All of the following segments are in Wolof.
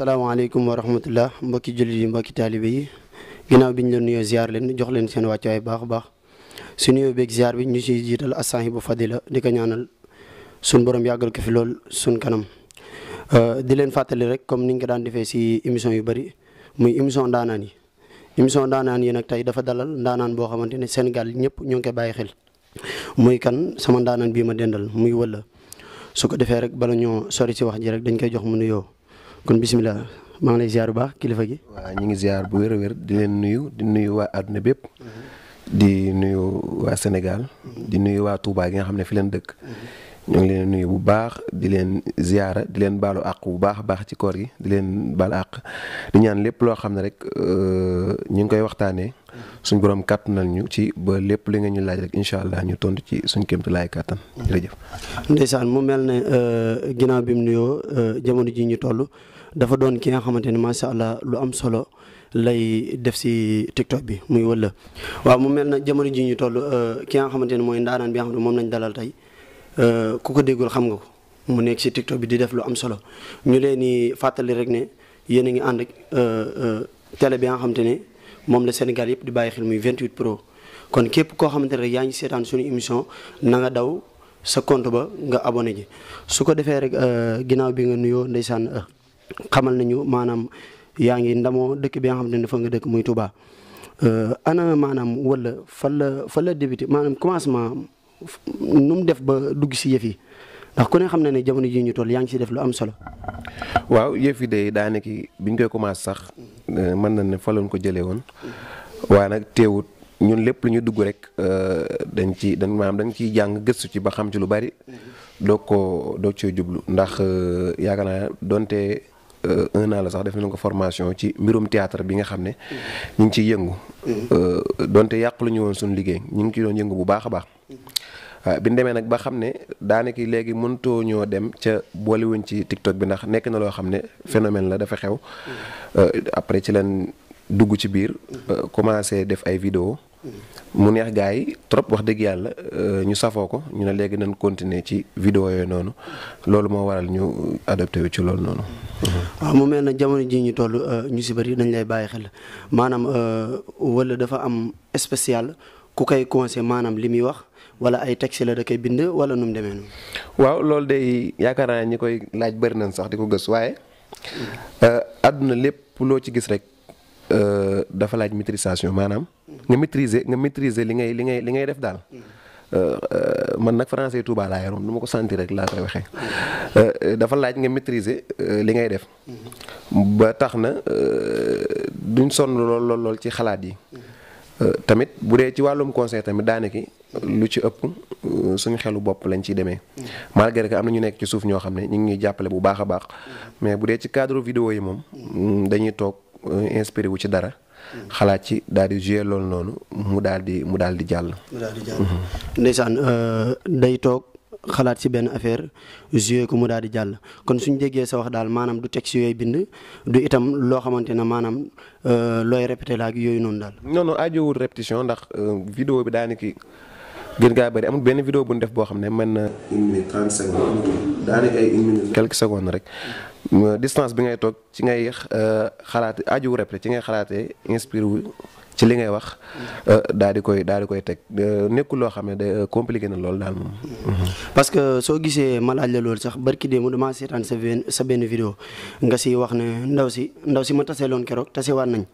salaamaaleykum wa rahmatullah mbokki jullit yi mbokki taali yi ginnaaw bi ñu leen nuyoo ziar leen jox leen seen wàccuwaay baax baax su nuyoo beeg ziar bi ñu ciy jiital asaahibu fadila di ko ñaanal sun borom yàggal ko fi lool sun kanam. Euh, di leen fàttali rek comme ni ñu ko daan defee si émission yu bari muy émission ndaanaan yi émission ndaanaan yi nag tey dafa dalal ndaanaan boo xamante ne Sénégal ñëpp ñoo ngi koy bàyyi xel muy kan sama ndaanaan bii ma dendal muy wala su ko defee rek bala ñoo sori si wax ji dañ koy jox mu nuyoo. kon bisimilah maa ngi lay ziar bu baax kilifa gi. waaw ñu ngi ziar bu wér a wér di leen nuyu di nuyu waa àdduna bépp. di nuyu waa Sénégal. di nuyu waa Touba gi nga xam ne fi leen dëkk. Mm-hmm. ñoo ngi leen nuyu bu baax di leen ziyaara di leen baalu àq bu baax a baax ci koor gi di leen baal àq di ñaan lépp loo xam ne rek euh, ñu ngi koy waxtaanee mm-hmm. suñ borom kàttanal ñu ci ba lépp li nga ñu laaj rek incha allah ñu tontu ci suñ kéemtu laay kàttan mm-hmm. jërëjëf. ndeysaan mu mel ne euh, ginnaaw bi mu nuyoo euh, jamono ji ñu toll dafa doon ki nga xamante ni macha allah lu am solo. lay def si TikTok bi muy wëla waaw mu mel na jamono ji ñu toll ki nga xamante ne mooy ndaanaan bi nga xam moom lañ dalal tey Euh, ku ko déggul xam nga mu nekk si TikTok bi di def lu am solo ñu leen di fàttali rek ne yéen a ngi ànd ak euh, euh, télé bi nga xamante ne moom la senegal yëpp di bàyyi xel muy vingt 28 pro kon képp koo xamante ne rek yaa ngi seetaan sunu émission nanga daw sa compte ba nga abonné ji su ko defee rek ginnaaw bi nga nuyoo ndeysaan xamal nañu maanaam yaa ngi ndamoo dëkk bi xam xamante ne dafa nga dëkk muy Touba ana maanaam wala fan la fan la débuté maanaam commencement. nu mu def ba dugg si yëf yi ndax ko ne xam na ne jamono ji ñu toll yaa ngi si def lu am solo. waaw yëf yi de daanaka biñ koy commencé sax euh, mën na ne fa lañ ko jëlee woon waaye nag teewut ñun lépp lu ñu dugg rek euh, dañ ci dañ maanaam dañ ciy jàng gëstu ci ba xam ci lu bari. doo ko doo ci jublu ndax euh, yàgg naa donte. un la sax def nañ ko formation ci mbirum théâtre bi nga xam ne ñu ngi ciy yëngu mm-hmm. donte yàq lu ñu woon suñu liggéey ñu ngi ciy doon yëngu bu baax a baax Euh, bi ñu nag ba xam ne daanaka léegi mëntoo ñoo dem ca boolewuñ ci TikTok bi ndax nekk na loo xam ne phénomène la dafa xew. Euh, après ci leen dugg ci biir. Euh, commencé def ay vidéo mu neex gars yi trop wax dëgg yàlla ñu safoo ko ñu ne léegi nañ continuer ci vidéo yooyu noonu loolu moo waral ñu adopté wu ci loolu noonu. waaw mu mel na jamono ji ñu toll ñu si bëri dañ lay bàyyi xel maanaam walla dafa am spécial. ku koy conseil maanaam li muy wax wala ay texte la da koy bind wala nu mu demee noonu. waaw loolu de yaakaar naa ñi koy laaj bëri nañ sax di ko gës waaye euh, àdduna lépp loo ci gis rek euh, dafa laaj maîtrisation maanaam nga maîtriser nga maîtriser li ngay li ngay li ngay def daal. Euh, man nag français Touba laa yoroon nu ma ko sentir rek laa koy waxee dafa laaj nga maîtriser li ngay def mm-hmm. ba tax na duñ sonn lool lool lool ci xalaat yi. tamit bu dee ci wàllum conseil tamit daanaki lu ci ëpp euh, suñu xelu bopp lañ ciy demee mm. malgré que am na ñu nekk ci suuf ñoo xam ne ñu ngi ñuy jàppale bu baax a baax mm. mais bu dee ci cadre vidéo yi moom mm, dañuy toog euh, inspiré wu ci dara xalaat ci daal di jouer loolu noonu mu daal di mu daal di jàll. Mm-hmm. Euh, day toog xalaat ci benn affaire joué ko mu daal di jàll kon suñ jegee sa wax daal maanaam du texte yooyu bind du itam loo xamante ne maanaam euh, looy répété la ak yooyu noonu daal. non non aajowul répétition ndax euh, vidéo bi daa ki gën gaa bëri am benn vidéo bu ñu def boo xam ne mën na. une minute rek distance bi ngay toog ci ngay euh, xalaat aajowul répété ci ngay xalaatee inspiré wu. ci li ngay wax euh, daal di koy daal di koy teg euh, nekkul loo xam ne day euh, compliqué na loolu daal moom. Mm-hmm. parce que soo gisee ma laaj la loolu sax barki démb damaa seetaan sa benn sa benn vidéo nga si wax ne ndaw si ndaw si ma taseeloon keroog tasewaat nañ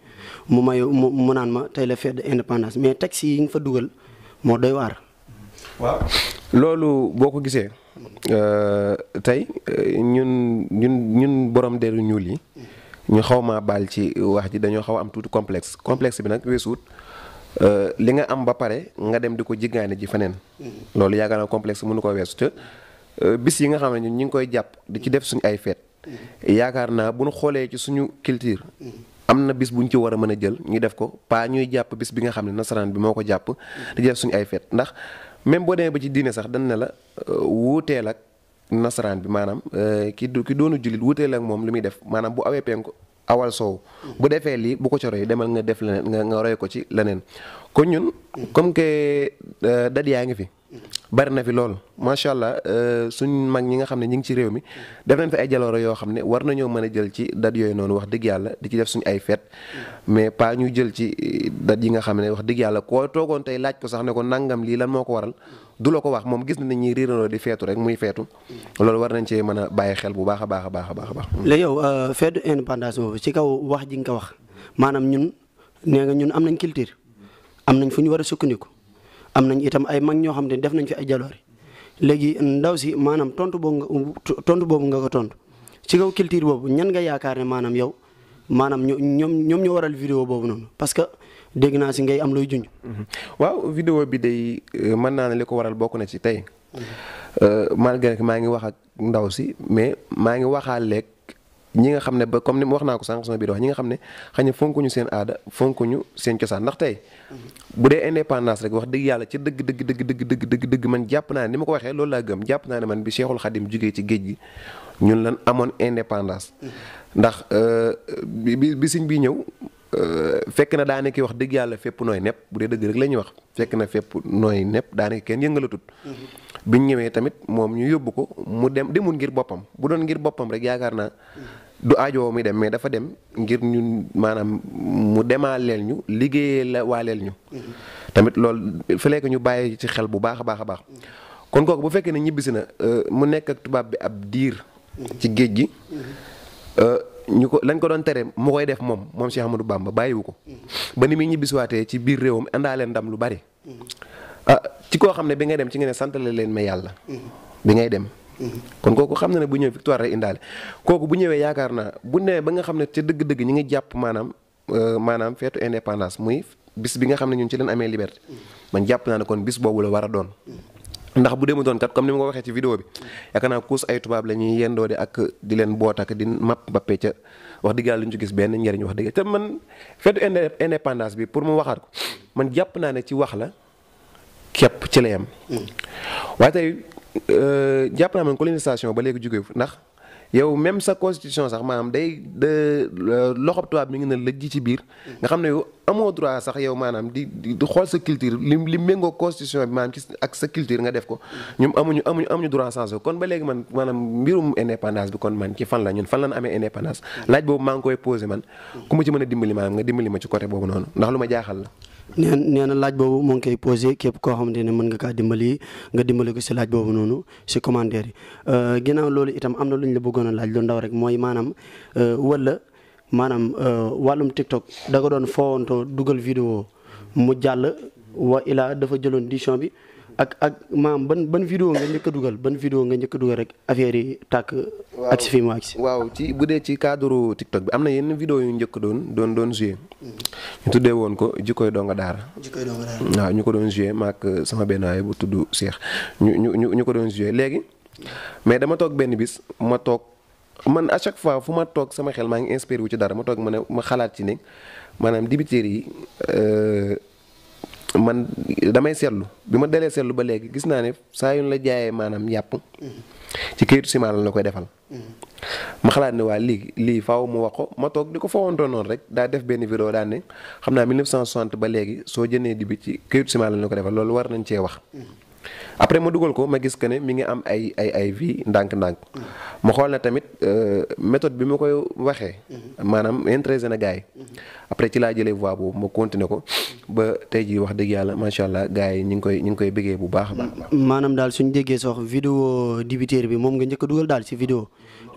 mu may mu mu naan ma tey la fête de indépendance mais taxi yi nga fa dugal moo doy waar. waaw loolu boo ko gisee tey ñun ñun ñun borom deru ñuul yi. ñu xaw maa baal ci wax ji dañoo xaw a am tuuti complexe complexe bi nag weesuut euh, li nga am ba pare nga dem di ko jigaane ji feneen. Mm-hmm. loolu yaakaar na naa complexe mënu ko weesu euh, bis yi nga xam ne ñun ñu ngi koy jàpp di ci def suñu ay feet. Mm-hmm. yaakaar naa bu ñu xoolee ci suñu culture. Mm-hmm. am na bis buñ ci war a mën a jël ñu def ko pas ñuy jàpp bis bi nga xam ne nasaraan bi moo ko jàpp. di def suñu ay feet ndax même boo demee ba ci diine sax dañ ne la euh, wuuteel lag nasaraan bi maanaam euh, ki ki doonu jullit wuteel ak moom lu muy def maanaam bu awee penku awal soow bu defee lii bu ko ci roy demal nga def leneen nga nga roy ko ci leneen kon ñun comme que euh, dat yaa ngi fi bari na fi lool macha allah euh, suñ mag ñi nga xam ne ñi ngi ci réew mi def fi ay jalooro yoo xam ne war nañoo mën a jël ci dat noonu wax dëgg yàlla di ci def suñu ay feet mais pas ñu jël ci dat yi nga xam ne wax dëgg yàlla koo toogoon tey laaj ko sax ne ko nangam lii lan moo ko waral du la ko wax moom gis na nit ñi riiranoo di feetu rek muy feetu loolu war nañ cee mën a bàyyi xel bu baax a baax a baax a baax. léegi yow euh, feetu indépendance boobu ci kaw wax ji nga ko wax maanaam ñun nee nga ñun am nañ culture am nañ fu ñu war a sukkandiku am nañ itam ay mag ñoo xam ne def nañ fi ay jaloore léegi ndaw si maanaam tontu boobu nga tontu boobu nga ko tontu ci kaw culture boobu ñan nga yaakaar ne maanaam yow maanaam ñoom ñoom ñoo waral vidéo boobu noonu parce que. dégg naa si ngay am looy junj. Mm-hmm. waaw vidéo bi day euh, mën naa ne li ko waral bokk na ci tey mm-hmm. euh, malgré que maa ngi wax ak ndaw si mais maa ngi waxaaleeg ñi nga xam ne ba comme ni mu wax naa ko sànq sama biir wax ñi nga xam ne fonk ñu seen aada fonkuñu seen cosaan ndax tey mm-hmm. bu dee indépendance rek wax dëgg yàlla ci dëgg dëgg dëgg dëgg dëgg dëgg man jàpp naa ne ni ma ko waxee loolu laa gëm jàpp naa ne man bi Cheikhul Khadim jugee ci géej ñun lan amoon indépendance. ndax euh, bi bi ñëw. Euh, fekk na daanaka wax dëgg yàlla fépp nooy nepp bu dee dëgg rek la ñuy wax fekk na fépp nooy nepp daanaka kenn yëngalatut. Mhm. biñ ñëwee tamit moom ñu yóbbu ko mu dem demul ngir boppam bu doon ngir boppam rek yaakaar naa. du aajoo muy dem mais dafa dem ngir ñun maanaam mu demaa demaaleel ñu liggéeyee la waaleel ñu. Mhm. tamit loolu fële que ñu bàyyi ci xel bu baax a baax a baax. Mhm. kon kooku bu fekkee ne ñibbisi na euh, mu nekk ak tubaab bi ab diir. ci géej gi. Euh, ñu ko lañ ko doon tere mu koy def moom moom si Cheikh Amadou Bamba bàyyiwu ko ba ni muy ñibbisiwaatee ci biir réewam indaale ndam lu bari ah ci koo xam ne bi ngay dem ci nga ne santale leen ma yàlla bi ngay dem kon kooku xam na ne bu ñëw victoire rek indaale kooku bu ñëwee yaakaar naa bu nee ba nga xam ne ca dëgg-dëgg ñu ngi jàpp maanaam euh, maanaam feetu indépendance muy bis bi nga xam ne ñun ci leen amee liberté man jàpp naa ne kon bis boobu la war a doon ndax bu demu doon kat comme ni ma ko waxee ci vidéo bi yaakaar naa kuus ay tubaab la yendoo de ak di leen boot ak di mapp mbappe ca wax dëgg lu ñu ci gis benn njëriñ wax dëgg te man fetu indépendance bi pour mu waxaat ko man jàpp naa ne ci wax la kepp ci la yam mm. waaye tey euh, jàpp naa man colonisation ba léegi jóge ndax yow même sa constitution sax maanaam day de loxob mi ngi ne lëj ji ci biir nga xam ne yow amoo droit sax yow maanaam di di xool sa culture li li méngoo constitution bi maanaam ak sa culture nga def ko ñoom amuñu amuñu amuñu droit sans kon ba léegi man maanaam mbirum indépendance bi kon man ci fan la ñun fan la ñu amee indépendance laaj boobu maa ngi koy posé man ku ma ci mën a dimbali maanaam nga dimbali ma ci côté boobu noonu ndax lu ma jaaxal la neen na laaj boobu moo ngi koy posé képp koo xamante ne mën nga kaa dimbali nga dimbali ko si laaj boobu noonu si commentaire yi euh, ginnaaw loolu itam am na lu ñu la bëggoon a laaj lu ndaw rek mooy maanaam euh, wala maanaam euh, wàllum TikTok da nga doon foowantoo dugal vidéo mu jàll wa ilaa dafa jëloon décision bi ak ak maam ban ban vidéo nga njëkk dugal ban vidéo nga njëkk a dugal rek affaire yi tàkk. waaw ak si fi mu ak si. waaw ci bu dee ci cadre TikTok bi am na yenn vidéo yu njëkk doon doon doon joué. ñu tuddee woon ko Jikkoy Donga Daara. Jikkoy Donga Daara waaw ñu ko doon joué maak sama benn waay bu tudd Cheikh ñu ñu ñu ñu ko doon joué léegi. mais dama toog benn bis ma toog man à chaque fois fu ma toog sama xel maa ngi inspiré wu ci dara ma toog ma ne ma xalaat ci ne maanaam dibiteer yi. Euh, man damay seetlu bi ma delee seetlu ba léegi gis naa ne saa yu la jaayee maanaam yàpp ci kayitu ciment la koy defal. ma xalaat ne waa lii lii faw mu wax ko ma toog di ko fawantoo noonu rek daa def benn vidéo daan ne xam naa 1960 ba léegi soo jënee dibi ci kayitu ciment la ko defal loolu war nañ cee wax. après ma dugal ko ma gis que ne mi ngi am ay ay ay vie ndànk-ndànk. ma xool na tamit euh, méthode bi ma koy waxee. Mhm. maanaam intéressé na gars yi. Mhm. après ci laa jëlee voix boobu ma continué ko ba tey jii wax dëgg yàlla macha allah gars yi ñu ngi koy ñu ngi koy bëggee bu baax a baax. maanaam daal suñ déggee sax vidéo débiteur bi moom nga njëkk dugal daal si vidéo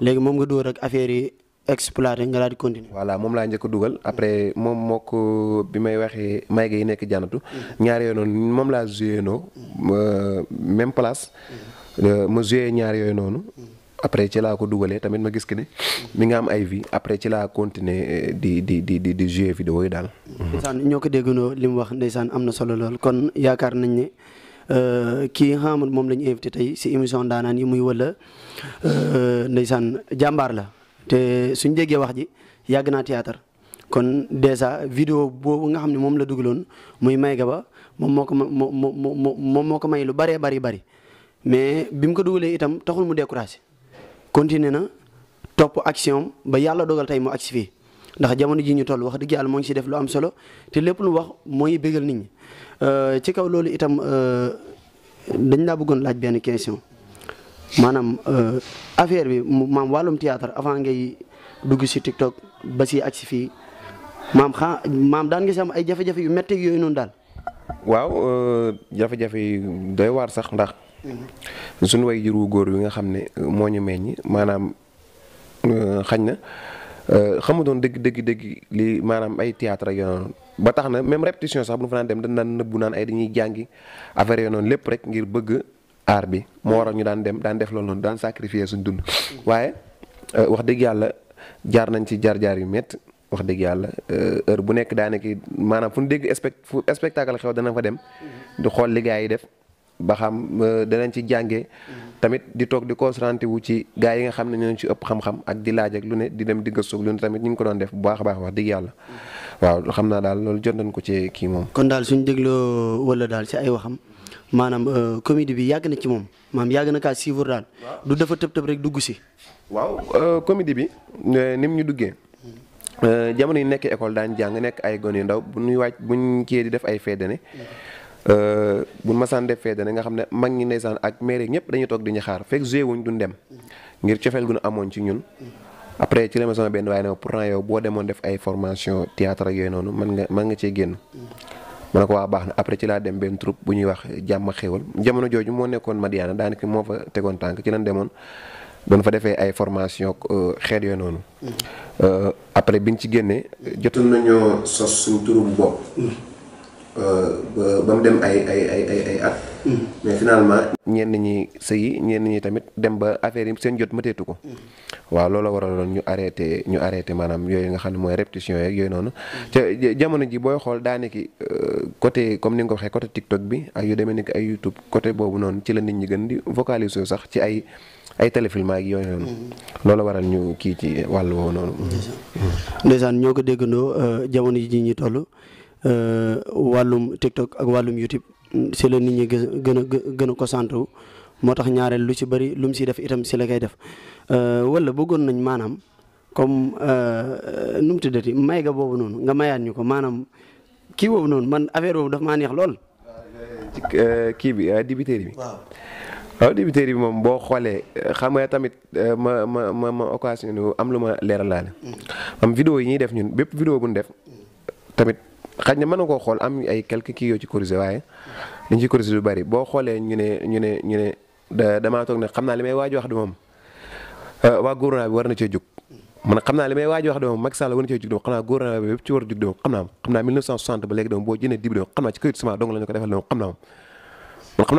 léegi moom nga dugal rek affaire yi. exploité nga daal di continuer. voilà moom laa njëkk dugal après moom moo ko bi may waxee mayga yi nekk janatu. Mhm. ñaari yooyu noonu moom laa joué noo. Euh, même place. Euh, ma joué ñaari yooyu noonu. après ci laa ko dugalee tamit ma gis ki ne mi nga am ay vie après ci laa continuer eh, di di di di di jouer vidéo yi daal. Mm-hmm. ndeysaan ñoo ko déggandoo li mu wax ndeysaan am na solo lool kon yaakaar nañ ne euh, kii nga xam moom la ñu invité tey si émission ndaanaan yi muy wala euh, ndeysaan jàmbaar la te suñ déggee wax ji yàgg naa théâtre kon dèjà vidéo boobu nga xam ne moom la dugaloon muy may ga ba moom moo ko moom moo ko may lu bëree bari bari mais bi ko dugalee itam taxul mu découragé. continué na topp action ba yàlla dogal tey mu agsi fii ndax jamono ji ñu toll wax dëgg yàlla moo ngi si def lu am solo te lépp lu wax mooy bégal nit ñi euh, ci kaw loolu itam euh, dañ laa buggoon laaj benn question maanaam euh, affaire bi maam wàllum théâtre avant ngay dugg si TikTok ba si agsi fii maam xa maam daan ngi si ay jafe-jafe yu métteeg yooyu noonu daal. waaw jafe-jafe yi doy waar sax ndax. suñu way jur wu góor wi nga xam ne euh, moo ñu meññ maanaam euh, xañ na euh, xamu doon dëgg dëgg dëgg lii maanaam ay théâtre ak yoonoon ba tax na même répétition sax bu ñu fa dem dañ daan nëbbu naan ay dañuy jàngi affaire yoonoon lépp rek ngir bëgg aar bi moo waral ñu daan dem daan def loolu noonu daan sacrifier suñ dund waaye wax dëgg yàlla jaar nañ ci jaar-jaar yu métti wax dëgg yàlla heure bu nekk daanaka maanaam fu ñu dégg spect fu spectacle xew dana fa dem mm-hmm. du xool li yi def ba xam euh, danañ ci jàngee mm-hmm. tamit di toog di concentré wu ci gars yi nga xam ne ñoo ci ëpp xam-xam ak di laaj lu ne di dem di gëstu lu ne tamit ñu ngi ko doon def bu baax a baax yàlla mm-hmm. waaw xam naa daal loolu jot nañ ko ci kii moom. kon daal suñu dégloo wala daal ci ay waxam maanaam euh, comédie bi yàgg na ci moom maam yàgg na kaa suivre daal. du defa tëb tëb rek dugg si. waaw euh, comédie bi ni mu ñu duggee. Mm-hmm. jamono yi nekk école daan jàng nekk ay gone yu ndaw bu ñuy wàcc bu ñu di def ay fête Euh, bu masaan def fee dana nga xam ne mag ñi ndeysaan ak maire ñëpp dañu toog di ñu xaar fekk joué wuñ duñ dem ngir cofeel gu ñu amoon ci ñun après ci la benn waaye ne ma pourtant yow boo demoon def ay formation théâtre ak yooyu noonu mën nga mën nga cee génn ma ne baax na après ci laa dem benn troupe bu ñuy wax jàmm xéwal jamono jooju moo nekkoon Madiana daanaka moo fa tegoon tànk ci lañ demoon doon fa defee ay formation euh, xeet yooyu noonu mm-hmm. euh, après biñ ci génnee jotu nañoo sos suñ turum bopp mm-hmm. ba euh, ba mu dem ay ay ay at. Hmm. mais finalement. ñenn ñi sëyi ñenn ñi tamit dem ba affaire yi seen jot mëteetu ko. Hmm. waaw loolu waraloon ñu arrêté ñu arrêté maanaam yooyu nga xam ne mooy répétition yeeg yooyu noonu. te ji booy xool daanaki euh, côté comme ni nga ko waxee côté TikTok bi ak yu demee ni ay YouTube côté boobu noonu ci la nit ñi gën di vocaliser sax ci ay ay téléfilm ak yooyu noonu. Hmm. loolu waral ñu kii ci wàll woo noonu. ndeysaan ñoo ko déggandoo euh, jamono ji ñi toll. Euh, wàllum TikTok ak wàllum YouTube si la nit ñi gën a gën a concentré wu moo tax ñaareel lu si bëri lu mu si def itam si la koy def euh, wala bëggoon nañ maanaam comme euh, nu mu tuddati may ga boobu noonu nga mayaat ñu ko maanaam kii noonu man affaire boobu daf maa neex lool. ci kii bi dibiteeri bi. waaw dibiteeri bi moom boo xoolee xam nga tamit ma ma ma ma occasion am lu ma leeralaale. Mm. am vidéo yi ñuy def ñun bépp vidéo bu ñu def tamit. xaj na mën na koo xool am ay quelques kii yoo ci corrigé waaye dañ ci corrigé lu bari boo xoolee ñu ne ñu ne ñu ne da xam naa li may waaj wax du moom waa gouvernement bi war na cee jóg. man xam moom Macky Sall war na cee jóg de moom xam naa gouvernement ci war a jóg de moom xam naa xam naa 1960 ba léegi de moom boo jëndee moom xam naa ci këyit semence dong la ñu ko defal de moom xam naa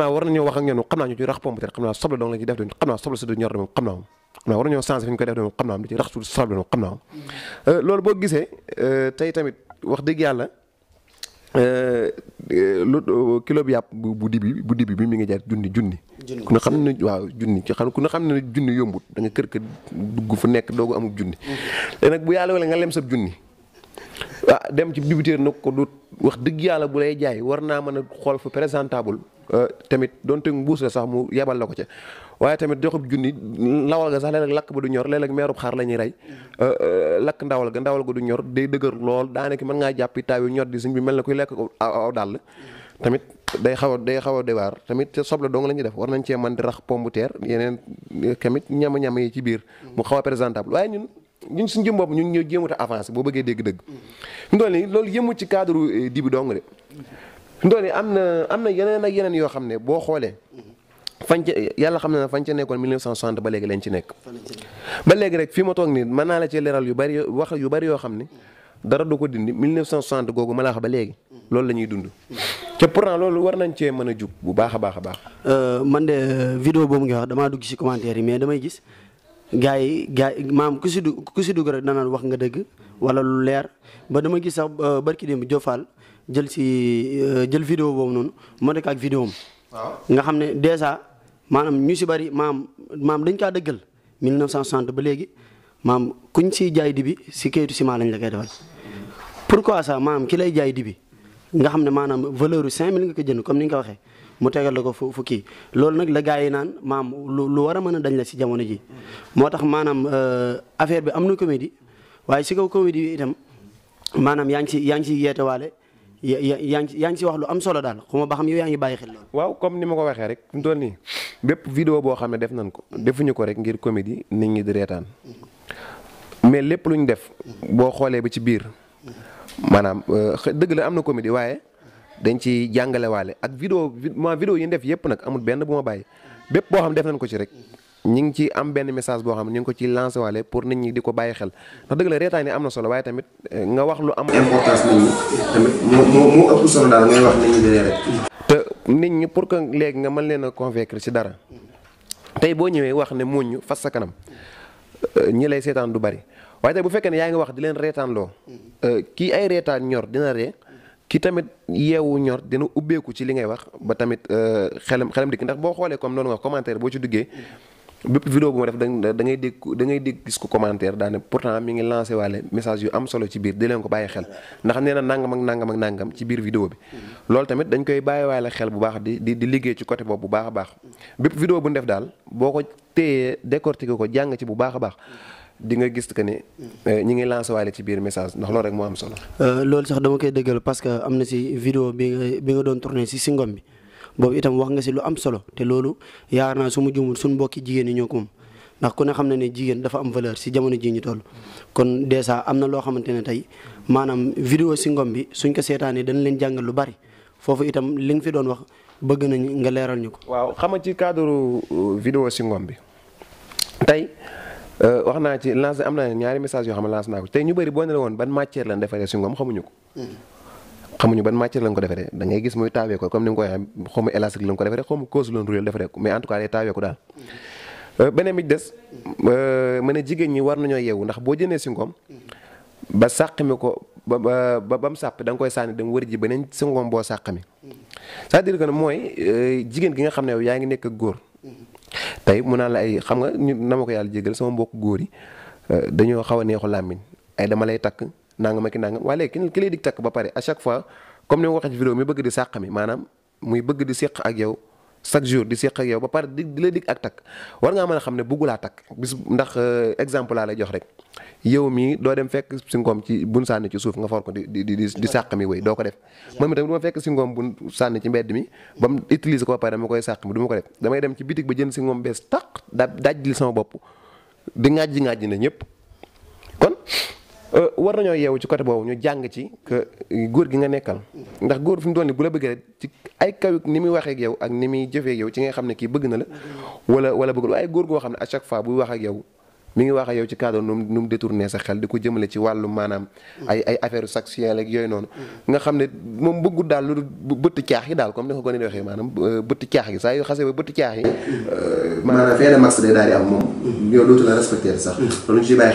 war nañoo ñu ci rax ñu ci def de moom xam naa moom. xam naa war nañoo ñu ko def di moom xam naa moom. loolu boo Euh, euh, lu euh, kilo bi yàpp bu dibi bu dibi bi mi ngi jaar junni junni. junni ku ne xam ne waaw junni ci xam ku ne xam ne junni yombut da nga kër kër dugg fu nekk doogu amul junni. Mm-hmm. te bu yàlla wala nga lem sab junni. ah dem ci bibitéer nag ko du wax dëgg yàlla bu lay jaay war naa mën a xool fu présentable. Euh, tamit donte mbuus la sax mu yebal la ko ca waaye tamit joxub junni lawal ga sax léeg lakk ba du ñor léeg-léeg meerub xaar la ñuy rey euh, euh, lakk ndawal ga ndawal ga du ñor day dëggër lool daanaka mën ngaa jàpp taaw yu ñor di suñ bi mel na koy lekk aw dàll tamit day xaw a day xaw a dewaar tamit soble dong la ñuy def war nañ cee man di rax pomme de yeneen tamit ñama-ñama yi ci biir mu xaw a présentable waaye ñun ñun suñ jëm bopp ñun ñoo jéemut a avancé boo bëggee dégg-dëgg fi mu toll nii loolu yëmu ci cadre dibi dong fi mu am na am na yeneen ak yeneen yoo xam ne boo xoolee. fañ ca yàlla xam na ne fañ ca nekkoon 1960 ba léegi lañ ci nekk. ba léegi rek fi ma toog nii mën naa la ci leeral yu bari wax yu bari yoo xam ne. dara du ko dindi 1960 googu ma la wax ba léegi. loolu lañuy ñuy dund. te pourtant loolu war nañ cee mën a jug bu baax a baax a baax. Euh, man de vidéo mu nga wax damaa dugg ci commentaire yi mais damay gis gars yi gars maam ku si du ku si dugg rek danaan wax nga dëgg wala lu leer ba dama gis sax euh, barki démb Diofal. jël si euh, jël vidéo boobu noonu moo nekk ak vidéo am. waaw nga xam ne dèjà maanaam ñu si bari maam maam dañ kaa dëggal 1960 ba léegi maam kuñ si jaay dibi si kayitu ciment lañ la koy defal. pourquoi ça maanaam ki lay jaay dibi nga xam ne maanaam valeur bu 5000 nga ko jënd comme ni nga ko waxee. mu tegal la ko fu fu loolu nag la gars yi naan maam lu lu war a mën a dañ la si jamono ji moo tax maanaam euh, affaire bi am na comédie waaye si kaw comédie itam maanaam yaa ngi si yaa ngi si yeetewaale yaa ngi yaa ngi si wax lu am solo daal xuma ba xam yow yaa ngi bàyyi xel loolu. waaw comme ni ma ko waxee rek fi mu toll bépp vidéo boo xam ne def nañ ko defuñu ko rek ngir comédie nit ñi di reetaan mais lépp lu ñu def boo xoolee ba ci biir maanaam euh, dëgg la am na comédie waaye dañ ci jàngalewaale ak vidéo ma vidéo yi ñu def yëpp nag amul benn bu ma bàyyi bépp boo xam def nañ ko ci rek ñi ngi ci am benn message boo xam ne ñu ngi ko ci lancé waale pour nit ñi di ko bàyyi xel ndax dëgg la reetaan yi am na solo waaye tamit eh, nga wax lu am. importance nit ñi pour que léegi nga mën leen a convaincre ci dara tey boo ñëwee wax ne ñu fas sa kanam eh, ñi lay seetaan du bari waaye tey bu fekkee ne yaa ngi wax di leen reetaan loo eh, kii ay reetaan ñor dina ree ki tamit yeewu ñor dina ubbeeku ci li ngay wax ba tamit xelam xelam dikk ndax boo xoolee comme noonu nga commentaire boo ci duggee. bépp vidéo bu ma def da da ngay dégg da ngay dégg gis ko commentaire daane pourtant mi ngi lancé waale message yu am solo ci biir di leen ko bàyyi xel ndax nee na nangam ak nangam ak nangam ci biir vidéo bi loolu tamit dañ koy bàyyi waale xel bu baax di di di liggéey ci côté boobu bu baax a baax bépp vidéo bu ñu def daal boo ko téyee décortiquer ko jàng ci bu baax a baax di nga gis que ni eh, ñi ngi lancé waale ci biir message ndax loolu rek moo am solo euh, loolu sax dama koy dëggal parce que am na si vidéo bi nga bi nga doon tourné si singom bi boobu itam wax nga si lu am solo te loolu yaakaar naa su ma juumul suñ mbokki jigéen ñu ñoo ko moom ndax ku ne xam na ne jigéen dafa am valeur si jamono jii ñu toll kon dèjà am na loo xamante ne tey maanaam vidéo si bi suñ ko seetaanee dañ leen jàngal lu bari foofu itam li nga fi doon wax bëgg nañ nga leeral ñu ko. waaw xam nga ci cadre euh, vidéo si bi tey euh, wax naa ci lancé am na ñaari message yoo xam ne lancé naa ko tey ñu bëri boo ne la woon ban matière lañ defaree si ngom xamuñu ko. Hmm. xamuñu ban matière lañ ko defee da ngay gis muy taawee ko comme ni nga ko waxee xaw ma élastique lañ ko defee euh, bi des euh, ma ne jigéen ñi war nañoo yeewu ndax boo jëndee si ba sàq ko ba ba ba mu sàpp koy sànni dem wër ji beneen si boo sàq mi c'est-à-dire que mooy euh, jigéen gi nga xam ne yow yaa ngi nekk góor tey mun naa la ay xam nga ñu na ma ko yàlla jégal sama mbokk góor yi dañoo xaw neexu làmmiñ ay dama lay takk. nangam ak nangam waaye léegi ki lay dig takk ba pare à chaque fois comme ni ma waxee ci vidéo mi bëgg di sàq mi maanaam muy bëgg di séq ak yow chaque jour di séq ak yow ba pare di di la dig ak takk war ngaa mën a xam ne bëggulaa takk bis ndax euh, exemple laa lay jox rek yow mii doo dem fekk singoom ci bun sànni ci suuf nga for ko di di di di sàq mi wéy doo ko def moom itam du ma fekk singoom bun sànni ci mbedd mi ba mu utiliser ko ba pare ma koy sàq mi du ma ko def damay dem ci bitig ba jënd singoom bees taq da dajjil sama bopp di ŋàjji ŋàjji na ñëpp kon Euh, war nañoo yeewu ci côté boobu ñu jàng ci góor gi nga nekkal ndax góor fi mu doon ni bu la bëggee ci ay kaw ni muy waxee ak yow ak ni muy jëfee yow ci nga xam ne kii bëgg na la mm-hmm. wala wala bëgg waaye góor goo xam ne à chaque fois buy wax ak yow mi ngi wax ak yow ci cadre nu mu nu mu sa xel di ko jëmale ci wàllu maanaam. ay ay affaire sexuelle ak yooyu noonu. nga xam ne moom bëggu daal lu bëtt caax yi daal comme ni ko gën waxee maanaam euh, bëtt caax yi. Euh, maanaam fee na max day daal di am bu baax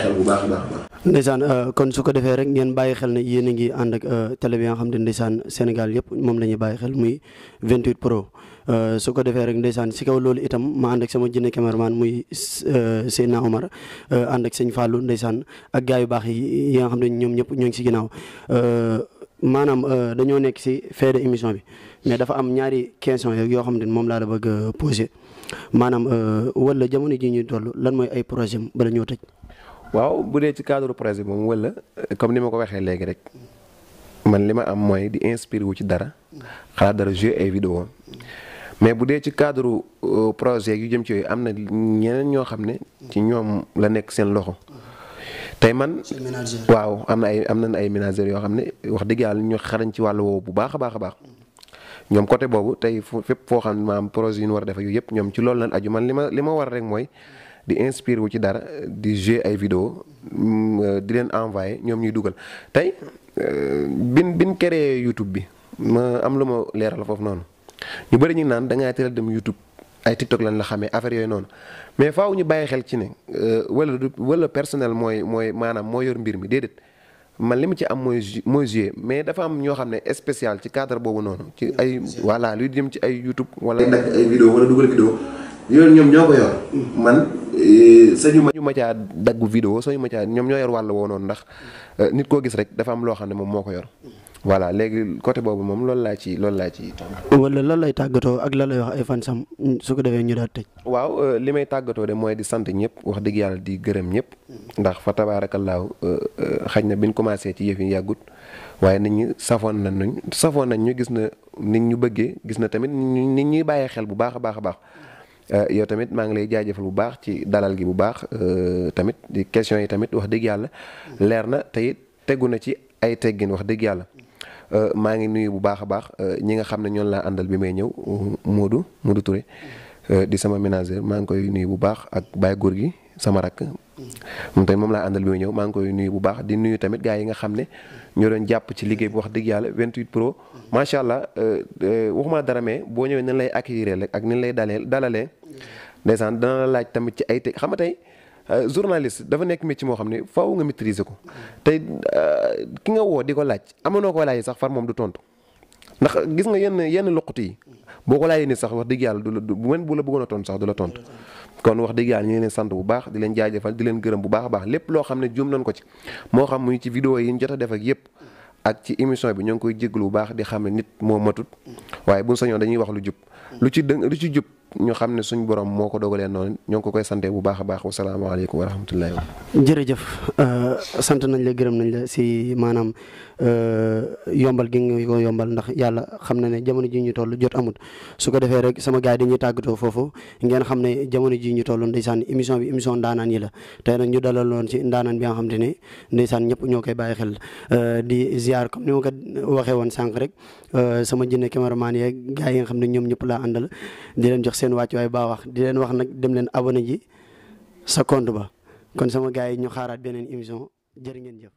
a baax a baax. Euh, kon su ko defee rek ngeen bàyyi xel ne yéen a ngi ànd ak télé bi nga xam ne ndeysaan Sénégal yëpp moom la ñuy bàyyi xel muy 28 pro. Euh, su ko defee rek ndeysaan si kaw loolu itam ma ànd ak sama jinne cameraman muy euh, Seydina Omar euh, ànd ak sëñ Fallou ndeysaan ak gars yu baax yi yi nga xam ne ñoom ñëpp ñoo ngi si ginnaaw maanaam dañoo nekk si fin de émission bi mais dafa am ñaari question yoo xam ne moom laal la bëgg a posé maanaam wala jamono ji ñuy toll lan mooy ay projet bala ñoo tëj. waaw bu dee ci cadre projet moom wala comme ni ma ko waxee léegi rek man li ma am mooy di inspir wu ci dara xalaat dara jeu ay vidéo mais bu dee ci cadre euh, projet yu jëm ci yooyu am na ñeneen ñoo xam ne ci ñoom la nekk seen loxo tey man waaw am na ay am nañ ay ménagères yoo xam ne wax dëgg yàlla ñu xarañ ci wàllu woowu bu baax a a baax ñoom côté boobu tey fu fépp foo xam ne maam projet yu ñu war defa def yëpp ñoom ci loolu lañ aju man li ma li ma war rek mooy di inspiré wu ci dara di jouer ay vidéo mm, euh, di leen envoyé ñoom ñuy dugal tey euh, bin bin créé YouTube bi ma am lu ma leeral foofu noonu. ñu bari ñu naan da ngaa teel a dem YouTube ay TikTok ne la xamee affaire yooyu noonu mais faaw ñu bàyyi xel ci ne euh, wala du wala personnel mooy mooy maanaam moo yor mbir mi déedéet man li mu ci am mooy ju mooy joué mais dafa am ñoo xam ne spécial ci cadre boobu noonu ci ay. voilà luy jëm ci ay YouTube. wala ay ay dugal vidéo yooyu ñoom ñoo ko yor. man euh, sañu ma. ñu ma daggu vidéo sañu ma caa ñoom ñoo yor wàll woo noonu ndax euh, nit koo gis rek dafa am loo xam ne moom moo ko yor. voilà léegi côté boobu moom loolu laa ci loolu laa ci tàggatoo. wala lan lay tàggatoo ak lan lay wax ay fan sam su ko defee ñu daal tëj. waaw euh, li may tàggatoo de mooy di sant ñëpp wax dëgg yàlla di gërëm ñëpp. ndax fa tabaarakallaahu euh, euh, xaj na biñ commencé ci yëf yi yàggut waaye nit ñi safoon nañ ñu nañ ñu gis na nit ñu bëggee gis na tamit nit ñuy bàyyi xel bu baax a baax a baax. yow tamit maa ngi lay jaajëfal bu baax ci dalal gi bu baax tamit di questions yi tamit wax dëgg yàlla leer na tey it tegu na ci ay teggin wax dëgg yàlla. Euh, maa ngi nuyu bu baax a baax euh, ñi nga xam ne ñoon laa àndal bi may ñëw Modou Modou Touré euh, di sama ménageur maa ngi koy nuyu bu baax ak Baye Góor gi sama rakk moom tamit moom laa àndal bi may ñëw maa ngi koy nuyu bu baax di nuyu tamit gaa yi nga xam ne ñoo doon jàpp ci liggéey bi wax dëgg yàlla vingt 28 pro macha allah waxuma dara mais boo ñëwee nañ lay accueillir rek ak ni lay dalee dalalee ndeysaan dana laaj tamit ci ay teg xam tey Euh, journaliste dafa nekk métier moo xam ne faaw nga maîtriser ko tey euh, ki nga woo di ko laaj amanoo ko laaj sax far moom du tontu ndax gis nga yenn yenn loqutu yi boo ko laajee ni sax wax dëgg yàlla du la du bu bu la bëggoon a tontu sax du la tontu. kon wax dëgg yàlla ñu ngi leen sant bu baax di leen jaajëfal di leen gërëm bu baax baax lépp loo xam ne juum nañ ko ci moo xam muy ci vidéo yi ñu jot a def ak yëpp. ak ci émission bi ñoo ngi koy jéglu bu baax di xam ne nit moo matut waaye buñ sañoon dañuy wax lu jub lu ci dëng lu ci jub ñu xam ne suñ borom moo ko dogalee noonu ñoo ngi ko koy sante bu baax a baax wasalaamaaleykum wa rahmatullahi wa jëf euh, sant nañ la gërëm nañ la si maanaam euh, yombal gi nga yombal ndax yàlla xam na ne jamono ji ñu toll jot amut su ko defee rek sama gars yi dañuy tàggatoo foofu ngeen xam ne jamono ji ñu toll ndeysaan émission bi émission ndaanaan yi la tey nag ñu dalal loon si ndaanaan bi nga xam te ne saan ñëpp ñoo koy bàyyi xel euh, di ziar comme ni ma ko waxee woon sànq rek sama jinne cameraman yeeg gars yi nga xam ne ñoom ñëpp laa àndal di seen wàcc waay baa wax di leen wax nag dem leen abonné ji sa compte ba kon sama gars yi ñu xaaraat beneen émission jërë ngeen jëf